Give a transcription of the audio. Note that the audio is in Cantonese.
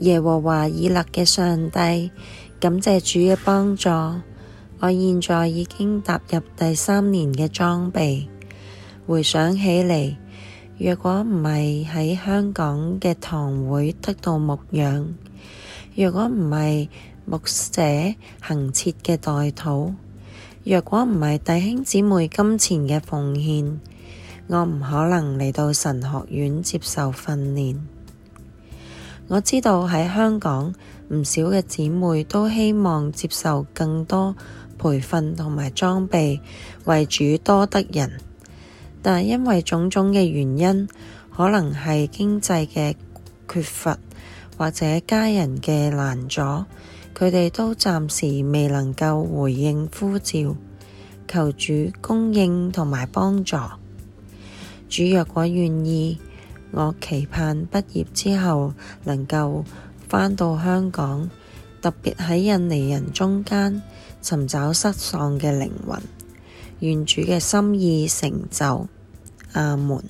耶和華以勒嘅上帝，感謝主嘅幫助。我現在已經踏入第三年嘅裝備。回想起嚟，若果唔係喺香港嘅堂會得到牧養，若果唔係牧者懇切嘅代禱，若果唔係弟兄姊妹金錢嘅奉獻，我唔可能嚟到神學院接受訓練。我知道喺香港唔少嘅姊妹都希望接受更多培訓同埋裝備，為主多得人。但因為種種嘅原因，可能係經濟嘅缺乏或者家人嘅攔阻，佢哋都暫時未能夠回應呼召，求主供應同埋幫助。主若果願意。我期盼畢業之後能夠返到香港，特別喺印尼人中間尋找失喪嘅靈魂，願主嘅心意成就，阿門。